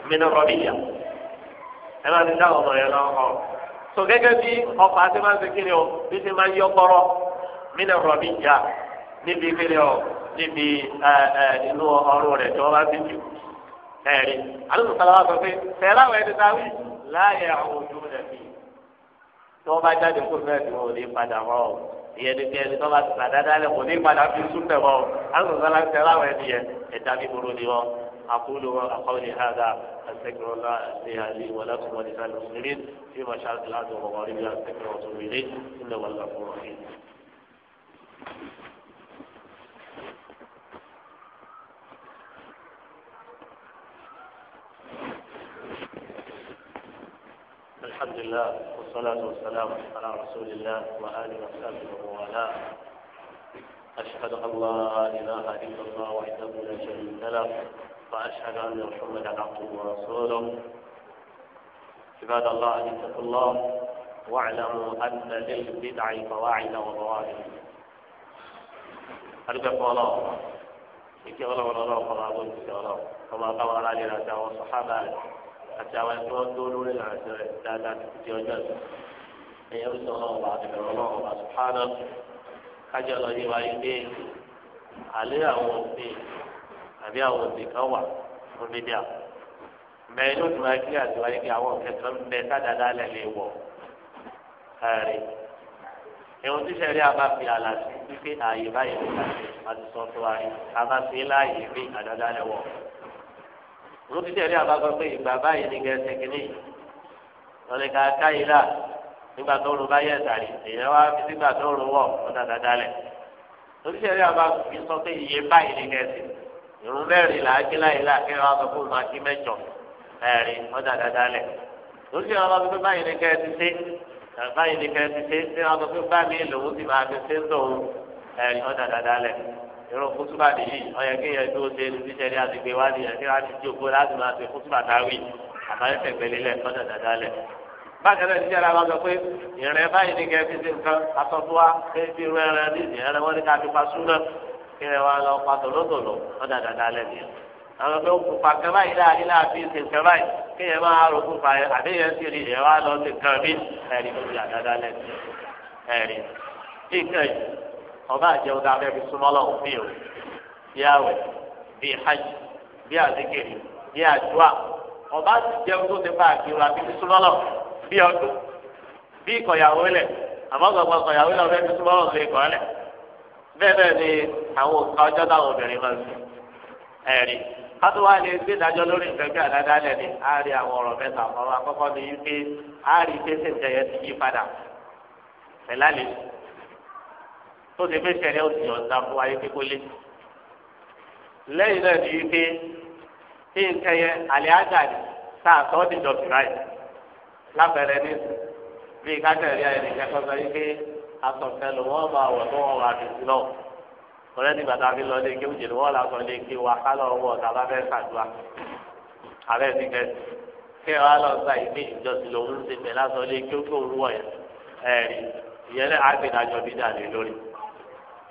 mìíràn rọ̀bìyà ẹ máa ti dáhùn ọmọ yẹn lọ́wọ́ so gẹ́gẹ́ bí ọkọ̀ àti máa ń sekí ni o bí ti máa ń yọ kọ́rọ́ mìíràn rọ̀bìyà níbi kíni o níbi inú ọrùn rẹ̀ tí wọ́n bá ti jù ẹ̀rí alóòtú sábà sọ pé fẹ́ẹ́rẹ́ àwọn ẹni táwí láàyè àwọn ojú rẹ̀ bí tí wọ́n bá jáde kó fẹ́ẹ́ yẹni ni hàdà asẹkìrọlá ẹni àlè wọlé tó wọn nípa lùsírí tí wọn ṣáà ti láti pada fi sún tẹ won wọn níbi asẹkìrọ tó la eni ale wole nílẹ̀ wọn lọ fún wọn. الحمد لله والصلاة والسلام على رسول الله وآله وصحبه ومن أشهد أن لا إله إلا الله وحده لا شريك له وأشهد أن محمدا عبده ورسوله عباد الله أن اتقوا الله واعلموا أن للبدع قواعد وضوابط أرجوكم الله إن الله ولا الله فلا أظن الله وما قال على لنا وصحابه àti àwọn ẹni tí wọ́n tó lórí ìlànà rẹ̀ dáadáa ti di ọjọ́ rẹ̀. ẹ̀yẹ́ ń sọ ọlọ́run bá ẹ̀rọ ọlọ́run sùpánà kájọ lọ yí wáyé pé àlẹ́ àwọn òfin àbí àwọn kan wà fún àti wáyé pé àwọn bẹ sádàdà lè àbá fi àlà sí pípé ààyè báyìí àbá láàyè wọn ti tẹ̀lé àbá pé ìgbà báyìí ni gẹ̀ẹ́sì kìíní wọn lè ka káyìí là nígbà tó ń bá yẹ tàrí èèyàn wá fi sígbà tó ń wọ̀ wọn dàda dalẹ̀ wọn ti tẹ̀lé àbá fi sọ pé iye báyìí ni gẹ̀ẹ́sì ìrún mẹ́rin là á kí láyìí là kí wọn sọ fún ma kí mẹ́jọ ẹ̀rin wọn dàda dalẹ̀ wọn ti tẹ̀lé àbá pé báyìí ni gẹ̀ẹ́sì sí ìrọ̀ kútúbà nìyí ọ̀yẹ́ kéèyàn tó ṣe ní tíṣẹ́ ní àtìgbè wá nìyẹn kí wọ́n ti di òkú láti máa ṣe kútúbà táwì àbáyé tẹ̀gbẹ́lẹ́ lẹ̀ tọ́jà dáadáa lẹ̀. bákan náà tíṣẹ́ la máa sọ pé ìrìn báyìí ní kẹ́ẹ́ fi ṣe nǹkan atọ́fúwa pé bí irú ẹran ní ìdíyẹn wọn ní ká fi pa súná kí ẹ wá lọ pa tòlótòló tọ́jà dáadáa lẹ̀ nìyẹn àwọn ọmọ òkùnfà kan báyìí láàrin láàfin ṣe nǹkan báyìí kí ẹ máa ọba àjẹun dáa bẹ́ẹ̀ fi súnmọ́ lọ́wọ́ bí o bí àwẹ̀ bí hajj bí àdékèrè bí àdúrà ọba ti jẹun tó ti fa àkìrò àti fi súnmọ́ lọ́wọ́ bí ọdún bí ìkọ̀yàwó lẹ̀ àmọ́ gbogbo ìkọ̀yàwó lọ́wọ́ bẹ́ẹ̀ fi súnmọ́ lọ́wọ́ lè kọ́ lẹ̀ bẹ́ẹ̀ bẹ́ẹ̀ ni àwọn òkà táwọn obìnrin máa ń sùn kátó wá lè gbé lórí nǹkan àdáda lẹ̀ ni àwọn ọ̀rọ̀ mẹ́ta ọ̀rọ̀ àkọ́kọ́ ni wípé a rí pé ti yí padà pẹ̀lá lè tó ti fẹ́ sẹ́ni ó ti ọ̀dà fún ayé kíkólé lẹ́yìn náà ni wípé tí nǹkan yẹn àlẹ́ àgàdì tá a sọ ọ́ ti dọ̀tí báyìí lábẹ́rẹ́ ní bí kákẹ́rì ayé nìkan kan sọ wípé asọ̀tẹ́ ló wọ́n bá wọ̀ tó wọ́n wà dùn lọ ọ̀rẹ́ nígbà tá a fi lọ lé kí òjèlú wọ́n la sọ lé kí wà ká lọ wọ̀ tá a fẹ́ sàdúrà àbẹ́ ti kẹ́ kí wàá lọ sa ìmí ìjọsìn lòún ti fẹ́ lásọ lé kí ó kó òun wọ̀ ẹ̀rí ìyẹn náà á bí dàdé lórí.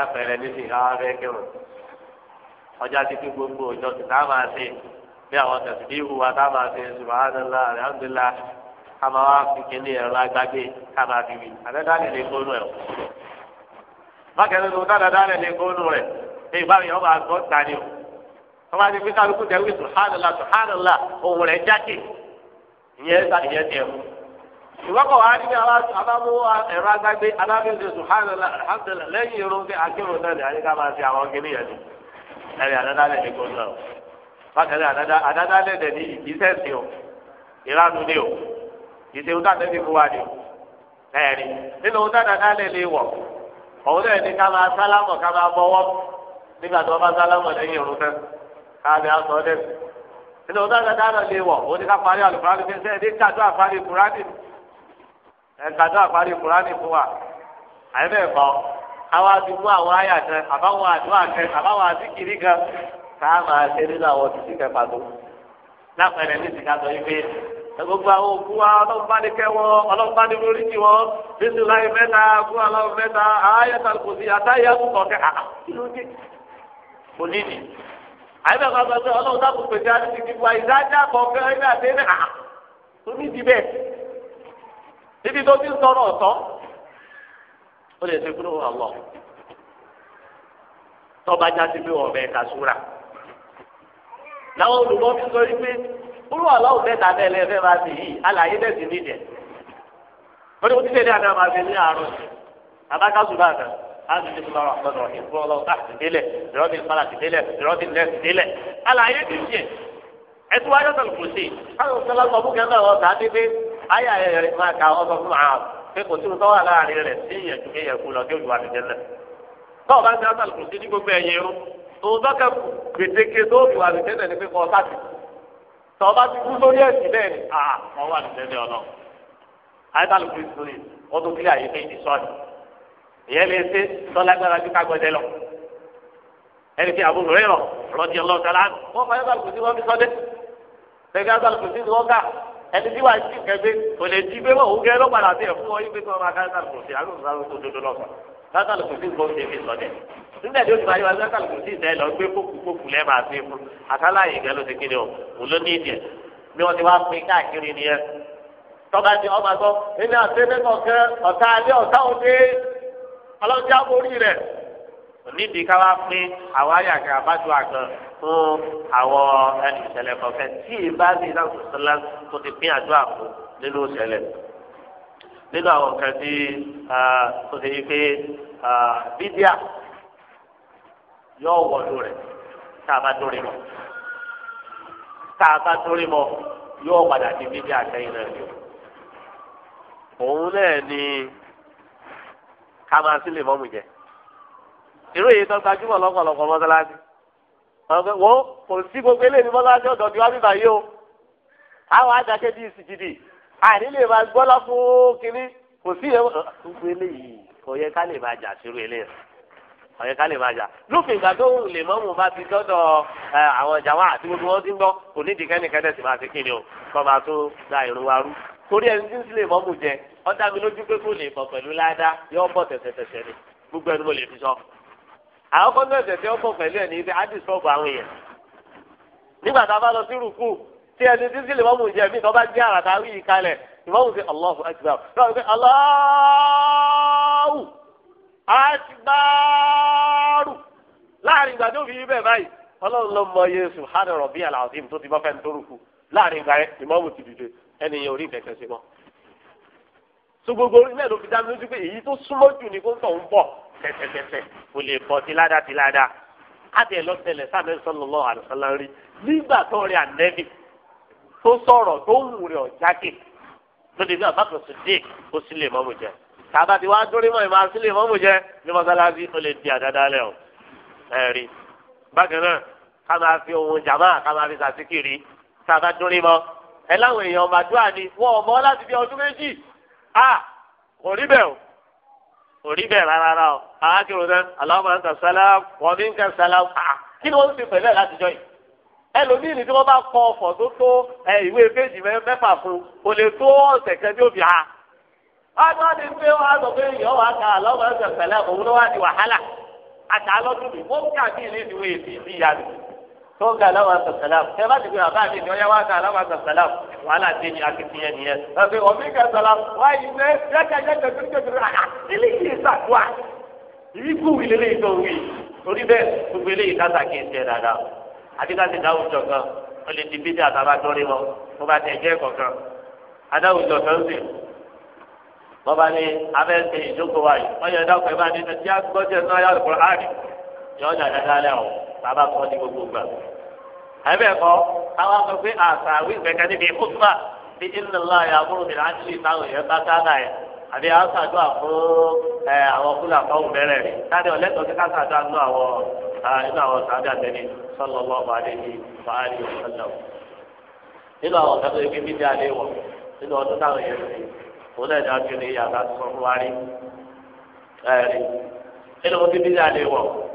lápẹẹrẹ níbi káwá fẹ́ kírun ọjà ti fi gbogbo ọjọ́ tá a máa ṣe bí àwọn tẹ̀sí bí ìhùwà tá a máa ṣe subhanallah alhamdulillah ká máa wá fi kíní ẹ̀rọ agbágbé ká máa fi wí àtẹ́tà lè lè gbónú ẹ̀ bákẹ́ni tó dáadáa lè lè gbónú rẹ̀ bí ìbáwí ọba àgbọ̀ tani o ọba ti fi kálukú tẹ̀wé subhanallah subhanallah òun rẹ̀ jáde ìyẹn ìyẹn tẹ̀ ìwọ́kọ̀ wa ní abáwọ́ ẹ̀rọ agbágbé alábíyèsè sùhánilá alhamdulilá lẹ́yìn irun bí akérò náà ní àyíká máa fi àwọn yẹn àdáda lẹ̀ ní o àdáda lẹ̀ dẹ̀ ní ìgbésẹ̀ o ìranu ni o ìṣe ohun dáadáa fún wa ni o ẹ̀rí nínú ohun dáadáa lẹ̀ lè wọ̀ òun náà ní ká máa sálámọ̀ ká máa nígbà tó ẹgbàdo àparí kùránì fún wa àyẹ̀bẹ̀ kọ́ ti mú àwọn àyà tẹ àbáwọn àdúrà tẹ àbáwọn àdìkiri kan káà máa ṣe nínú àwọn títí kẹfà tó lápẹẹrẹ ní ìsìnká sọ yìí pé gbogbo àwọn òkú wa ọlọ́mọba ni kẹ́ wọn ọlọ́mọba ni lórí bísí mẹ́ta mẹ́ta kò sí àtàyà kẹ́ ah, ah, ní sọ pé pèsè níbi tó ti ń sọ̀rọ̀ ọ̀tọ̀ ó lè ṣe kúrò àwọ̀ tọ́ba jáde pé wọ́n bẹ ká súra làwọn olùkọ́ fi sọ yìí pé kúrò àlọ́ òtẹ́ta náà lẹ́fẹ́ máa sì yìí àlàyé tẹ̀sí nídìí wọ́n ní kó títẹ̀ ní àná máa fi ní àárọ̀ àbáká súra àná láti ní sọ́lá ọ̀pọ̀ náà ìfúrọ̀ lọ́wọ́ láti ti àlàyé ti ń jẹ àyà yẹn yẹn máa ka ọsọ fún àwọn pé kò síbi tọ́wọ́ láàrin rẹ̀ sí ìyẹn ju kéèyàn kú lọ kí olùwà nìjẹ́ lẹ̀. tọ́wọ́ bá ń sẹ́yà sàlùkù sí ní gbogbo ẹ̀yẹ irun òun tọ́kẹ́ gbèdéke tó olùwà nìjẹ́ lẹ̀ ní pé kọ́ sáàtì. tọ́wọ́ bá ti kú sórí ẹ̀sìn bẹ́ẹ̀ ni à wọ́n wà nìjẹ́ lẹ̀ ọ̀nà. àyè sàlùkù sí sórí wọ́n tó kílẹ̀ àyè méjì sọ́ọ̀nì. ìyẹn lè ṣe tọ́lágbára ju kágbọ́dẹ lọ. ẹni tí àbúrò rẹ̀ rọ̀ rọ́ọ̀dì ọlọ́ọ̀tà láàánú wọ́n fọ ẹni tí wàá ti kẹgbẹ́ kò lè ti gbé wọn gẹ́ lọ́gbàdà tẹ̀ fún ọyún pé kí wọ́n máa ká sàlùkù sí àlùkù sàlùkù dodo lọ́sọ̀ sàlùkù sí gbọ́ ṣe fi sọ dẹ̀ nígbà tí ó ti máa yọ wá sàlùkù sí ìtẹ́ lọ gbé kókù kókù lẹ́ máa fi fún àtàláyé gẹ́ ló ti kéde o kò ló ní ìdíẹ̀ bí wọ́n ti wá pín káàkiri nìyẹn tọ́ka ti ọba gbọ́ nínú àtẹ́lẹ́kọ̀ọ́ ọ̀tá alẹ́ ọ̀tá fún àwọn ìṣẹ̀lẹ̀ kọ̀ọ̀kan tí ìbá ní ìdáhùn sọ́lá tó ti pín àdúrà fún nínú ìṣẹ̀lẹ̀ nínú àwọn kan tí tó ti yí pé bídíà yóò wọ̀lú rẹ̀ tá a bá dórí mọ́ tá a bá dórí mọ́ yóò padà di bídíà sẹ́yìn náà ni òun náà ni ká máa sílè mọ́mù jẹ irú èyí tó gbajúmọ̀ lọ́pọ̀lọpọ̀ mọ́sálásí ọ̀gbẹ́ wo kò sí gbogbo eléyìí mọ́lá sí ọ̀dọ̀ tiwa bíbá yìí o àwọn àdàkẹ́ bíi sìgìdì àní lè máa gbọ́lá fún kínní kò sí ìyẹn gbogbo eléyìí kò yẹ ká lè máa jà sírú eléyìí kò yẹ ká lè máa jà lófin ìgbà tó lè mọ́ mú bá ti dọ́dọ̀ àwọn ọjà wa àti gbogbo wọn ti ń gbọ́ kò ní ìdíkẹ́ nìkan tẹ̀sí máa ti kí ni o kọ́ máa tó da ìrù wa rú torí ẹni tí ń sílè mọ́ mú jẹ ó dá mi lójú pé kò lè mọ̀ pẹ̀lú ládàá yọ àwọn kọ́ńtà ẹ̀sẹ̀ tí wọ́n bọ̀ pẹ̀lú ẹ̀ ní ibi á àwọn èèyàn nígbà tá a bá lọ sí rúkú tí ẹni tí sílẹ̀ mọ́mù jẹ́ mi tó bá gbé àràtà rí i kalẹ̀ ìmọ̀mù sí Allahu Akbar lọ́wọ́ pé Allahu Akbaru láàrin ìgbà tó fi yí bẹ́ẹ̀ báyìí ọlọ́run ló mọ iye subhana rabbi alazim tó ti bá fẹ́ nítorúkú láàrin ìgbà yẹn ti dìde ẹni yẹn orí kẹ̀kẹ́ sí gbogbo orí náà ló fi dá mi lójú pé èyí tó súnmọ́ jù ni kó ń tọ̀ ń bọ̀ kẹsẹkẹsẹ kò lè bọ ti ládàá ti ládàá káàdì ẹ lọsẹlẹ sábẹ sọlọlọ àlùfáà rí nígbà tó rí ànẹbì tó sọ̀rọ̀ tó wù rẹ ọjáke lóde bí abakọ sùdíè ó sì lè mọmù jẹ tàbá tí wàá dúró mọ ìmọ̀ àti lè mọmù jẹ ní mọ́sálásí ó lè di àdáda lẹ o ẹ rí bákan náà ká máa fi ohun jàmá ká máa fi sàtíkìrì tàbá dúró mọ ẹ láwọn èèyàn ọmọ àdúrà ni wọn ò mọ láti fi ọdún méjì à kò rí bẹ́ẹ̀ o òrí bẹ́ẹ̀ rárá o àwọn akérò náà aláwọ̀ nǹkan sálám wọ́n mi nǹkan sálám à kí ni wọ́n ti pẹ̀lú ẹ̀ látijọ́ yìí ẹlòmíì ni tí wọ́n bá kọ ọ̀fọ̀ tó tó ìwé péjì mẹ́fà fún kò lè tó ọ̀sẹ̀ kan ní òbí ha. ọdún ọdún pé wọn á sọ pé èèyàn wà á aláwọ̀ nǹkan sálám òun ló wá di wàhálà àtàlọ́dún mi wọ́n kà tó ń ga aláwa sàlám ẹ bá ti fi bàbá mi ni ọyá wa ga aláwa sàlám wàhálà dé ni akitiyan nìyẹn ọbẹ ọbẹ ga sàlám wáyé ní yàtọ̀ yàtọ̀ kékeré àná eléyìí sàdúà ìlú wí lélẹ́yìn tó wí torí bẹ́ẹ̀ gbogbo eléyìí kásá kí n ṣe dáadáa àti ká ti dáwùjọ kan ó lè di bídí àtàbà dọ́rí lọ tó bá tẹ̀ jẹ́ kọ̀ọ̀kan adáwùjọ kan sì wọ́n bá ní abẹ́ ṣe ìjókòó wáyé bàbá sọ ní gbogbo gbà. àbẹ̀ kọ́ àwọn akọ pé àṣà àwí ìgbẹ́kẹ́ níbi ìkúsùmá bí ìnìlá ìyàbúrò mi láti ìtàwọn èèyàn bá káàdà yẹn àbí àṣàdúrà fún àwọn fúlà fáwọn bẹ̀rẹ̀ rẹ̀ láti ọ̀lẹ́tọ̀ọ́ sí káṣàdúrà nínú àwọn nínú àwọn sàbí àtẹni nínú àwọn ọ̀sán tó yẹ kí alẹ́ wọ̀ nínú ọdún táwọn yẹn ti bí ní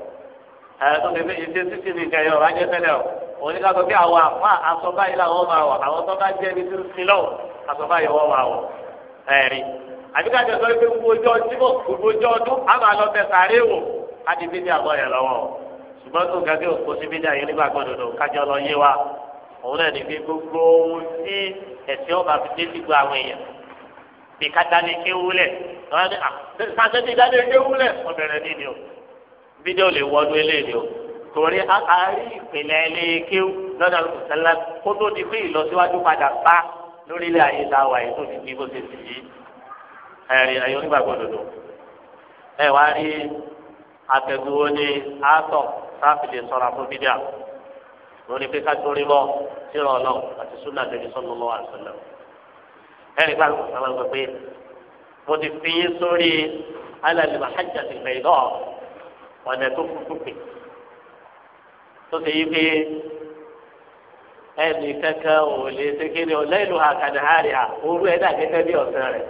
àyàtọ̀ lè fi títí ní ìkẹyọ ọ̀rọ̀ ajẹ́ tẹ́lẹ̀ o òun ká sọ pé àwọn àfa àsọba yìí làwọn máa wọ̀ àwọn tó bá jẹ́ ní tí ń sin lọ́wọ́ àsọba yìí wọ́n máa wọ̀ ẹ̀rí. àbí ká jẹ sọ pé gbogbo ọjọ́ jímọ̀ gbogbo ọjọ́ ọdún a máa lọ bẹ sàárè wò á di bíbí àbọ̀ yẹn lọ́wọ́ ṣùgbọ́n tó gàgé òkú sí bíbí àyè nígbà gbọdọdọ kájọ lọ yé wa òun náà ní pé gbogbo ohun tí ẹ̀sìn ọba fi dé sí gbogbo àwọn èèyàn fídíò lè wọnú eléyìí o torí àárí ìpìlẹ̀ eléyìíkéw lọ́dọ̀ àlùkùsẹ́lá kó tó di pé ìlọsíwájú padà bá lórílẹ̀ ayé tá a wà yìí ti di bó ṣe sì yìí ẹ̀rìn ẹ̀yọ́ nígbàgbọ́ dòdò ẹ̀ wá rí atẹ̀gbowó ní àtọ̀ sáfìlì sọ̀rọ̀ fún fídíò lórí pé ká torí bọ́ síra ọlọ́run àti súnà tẹ̀lé sọ́nù lọ́wọ́ àṣọlẹ̀ ẹ̀rìn bá lùkùsẹ́lá gbọ́ pé mo ti fi yín sórí alẹ́ àti ọ̀nà tó kúkú pè tó ṣe yí pé ẹnì kankan ò lè ṣe kí ni ò lẹ́nu àkàdé àárẹ̀ à orú ẹ̀dá gẹ́gẹ́ bí ọ̀sán rẹ̀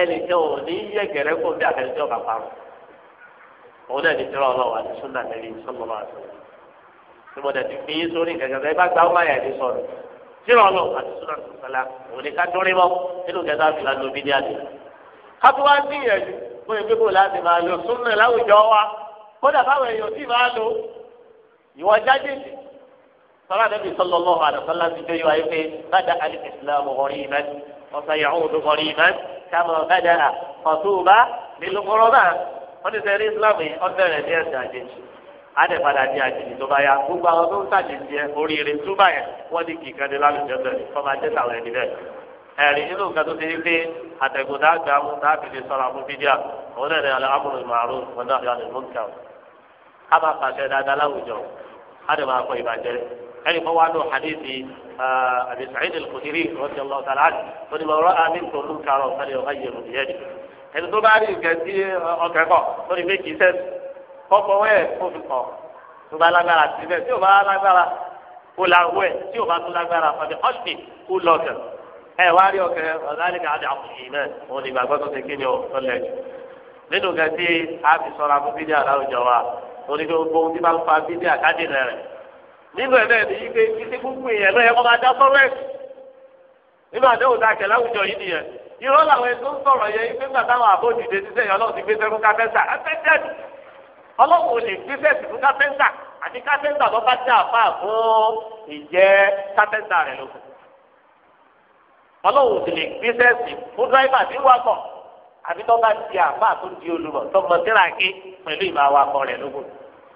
ẹnì kan ò ní yẹ gẹ̀rẹ́ kó bí àtẹnudẹ́ ọ̀gá parọ́ òun náà ní tẹ́lọ̀ ọlọ́wọ́ àti súnà tẹ́lẹ̀ sọ́lọ́lọ́ àti ìmọ̀dà ti fi yín sórí gẹ́gẹ́ bá gbà ó má yà sọ̀rọ̀ tẹ́lọ̀ ọlọ́wọ́ àti súnà tẹ́lẹ̀ òun ní ká dúró mọ́ nínú kẹta fìlà lóbi ní àdé ká tó wá ń gbìyànjú bóyá pé kò láti máa lo súnà láwùjọ wa kódà báwọn èèyàn sì máa lò ìwọ jáde sọlá nàbì sọlọ lọ àdàkọlá ti jẹyọ ayé pé bàdà àlè ìsìlámù ọrí ìmẹ ọsàyà òdu ọrí ìmẹ kàmọ bàdà ọtúbà nílùkọrọ náà wọn ti sẹrí ìsìlámù yìí ọbẹrẹ ní ẹsẹ àjèjì adẹ̀padà ní àjèjì tó bá yá gbogbo àwọn tó ń sàjèjì yẹn oríire tó bá yẹn wọ́n kì í kan ní lálùjọ bẹ̀rẹ̀ tàwọn ẹni bẹ́ẹ̀. ẹ̀rí nínú nǹkan tó ti rí pé àtẹ̀gùn dáàbì àwọn dáàbì lè sọ̀rọ̀ fídíà òun náà ní alẹ́ amúlùmọ̀ àrùn wọn náà yọ àdìmọ́ǹkà ká máa pàṣẹ dáadáa láwùjọ ká lè máa kọ ìbàjẹ́ ẹni kọ́ wá ló hadithi uh, Abi Sa'id al-Khudri radiyallahu ta'ala anhu tó ní ma ra'a minkum munkaran falyughayyirhu biyadi ẹni tó bá rí nǹkan uh, ọkẹ́ kọ̀ tó ní méjì sẹ́ni kọ́kọ́ wẹ̀ kó fi kọ̀ tó bá lágbára síbẹ̀ tí ò bá lágbára kó làwọ̀ ẹ̀ tí ò bá tó lágbára fàbí ọ̀sìn kó lọ́kẹ̀ ẹ wá rí ọkẹ ọ̀gáàlì kan àti àkùnjì náà òun ìgbàgbọ́ òní kí gbogbo ohun tí bá ń fa bíbí àkádé rẹ rẹ nínú ẹ bẹ́ẹ̀ ni yí pé títí gbogbo èèyàn lọ yẹ kó máa dá sọ̀rọ̀ ẹ nínú àdéhùn tá a kẹ láwùjọ yìí nìyẹn irọ́ làwọn ẹni tó ń sọ̀rọ̀ yẹ ipe ńgbà táwọn àbójúde ti sẹ́yìn ọlọ́run ti gbé sẹ́fún kápẹ́ńtà ẹ̀fẹ́tẹ́ẹ̀dì ọlọ́run ò lè gbé sẹ́ẹ̀sì fún kápẹ́ńtà àti kápẹ́ńtà lọ́ba tí a fún ìjẹ́ kápẹ́ńtà rẹ̀ lókun ọlọ́run ò àbí tó bá ti àbá tó di olùmọ̀ tó mọ síra ké pẹ̀lú ìmọ̀ awakọ̀ rẹ̀ lóko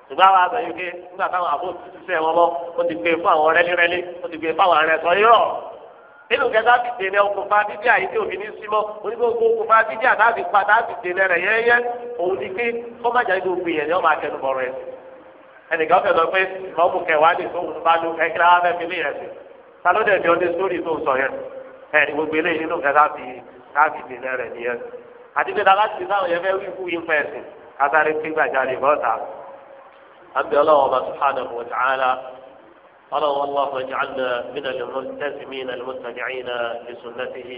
ṣùgbọ́n àwọn àgbẹ̀ yìí ké nígbà táwọn àbó ti ṣiṣẹ́ wọn mọ́ ó ti gbé fún àwọn rẹ́lírẹ́lí ó ti gbé fáwọn arẹ sọ yọ̀ nínú kẹta fi dènà okùnfà bíbí àyè tí òfin ní símọ́ onígbòkó okùnfà bíbí àtàbí padà fi dènà rẹ̀ yẹ́yẹ́ òun ni pé kọ́májà ní gbogbo èèyàn ni wọ́n máa kẹnu bọ̀rọ̀ ẹ̀ ẹnìkan fẹ́ lọ pé ìmọ̀ọ́mù kẹwàá lè fóun bá lu ẹgbẹ́ wa fẹ́ fi lé yẹn sí ta ló dẹ̀ sórí tó sọ yẹn ẹ̀ gbogbo eléyìí nínú kẹta fi dènà rẹ̀ nìyẹn. àti pé dàgbà ti sáwọn yẹn fẹ́ wí fún yín fẹ́ẹ́ sìn kátàrí kígbàjáde bọ́ta àbí ọlọ́wọ́ bá subhanahu wa ta'ala قالوا اللهم اجعلنا من الملتزمين المتبعين لسنته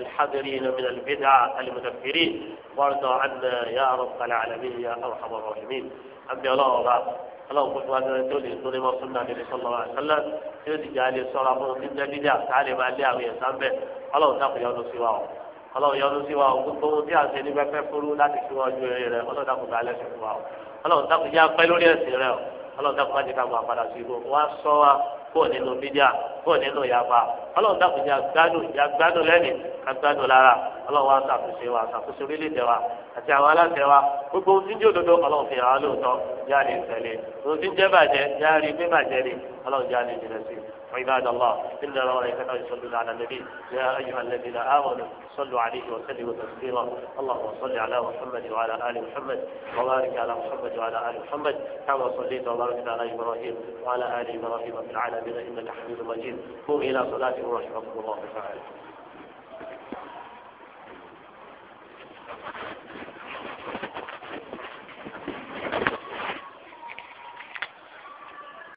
الحذرين من البدع المنفرين وارضى عنا يا رب العالمين يا ارحم الراحمين أبي الله وبعد اللهم قلت وانا تولي نور صلى النبي صلى الله عليه وسلم يدي جالي صلاه من البدع تعالي ما لي او يسامح اللهم تقي يا ọlọ́run yọdún sí wa o gbogbo tí a ṣe ní pẹpẹ fúru láti fi wọn ju eré rẹ ọlọ́run dàkú balẹ̀ sí fún wa o ọlọ́run dàkú já pẹ́ lórí ẹ̀sìn rẹ o ọlọ́run dàkú má jẹ́ ká máa padà sí ibò wá sọ wa kó nínú bídíà kó nínú yàgbà ọlọ́run dàkú já gbádùn já gbádùn lẹ́nìí ká gbádùn lára ọlọ́run wa ṣàkóso wa ṣàkóso orílẹ̀-èdè wa àti àwọn aláṣẹ wa gbogbo ohun tí ń jẹ́ òdodo ọlọ́run fi hàn án lóòótọ́ yára ìtẹ̀lé ohun tí ń jẹ́ bàjẹ́ yára ìgbé bàjẹ́ ni ọlọ́run yára ìjìnlẹ̀ sí i. عباد الله إن ملائكته يصلون على النبي يا أيها الذين آمنوا صلوا عليه وسلموا تسليما اللهم صل على محمد وعلى آل محمد وبارك على محمد وعلى آل محمد كما صليت وباركت على إبراهيم وعلى آل إبراهيم في العالمين إنك حميد مجيد قوم إلى صلاتكم رحمكم الله تعالى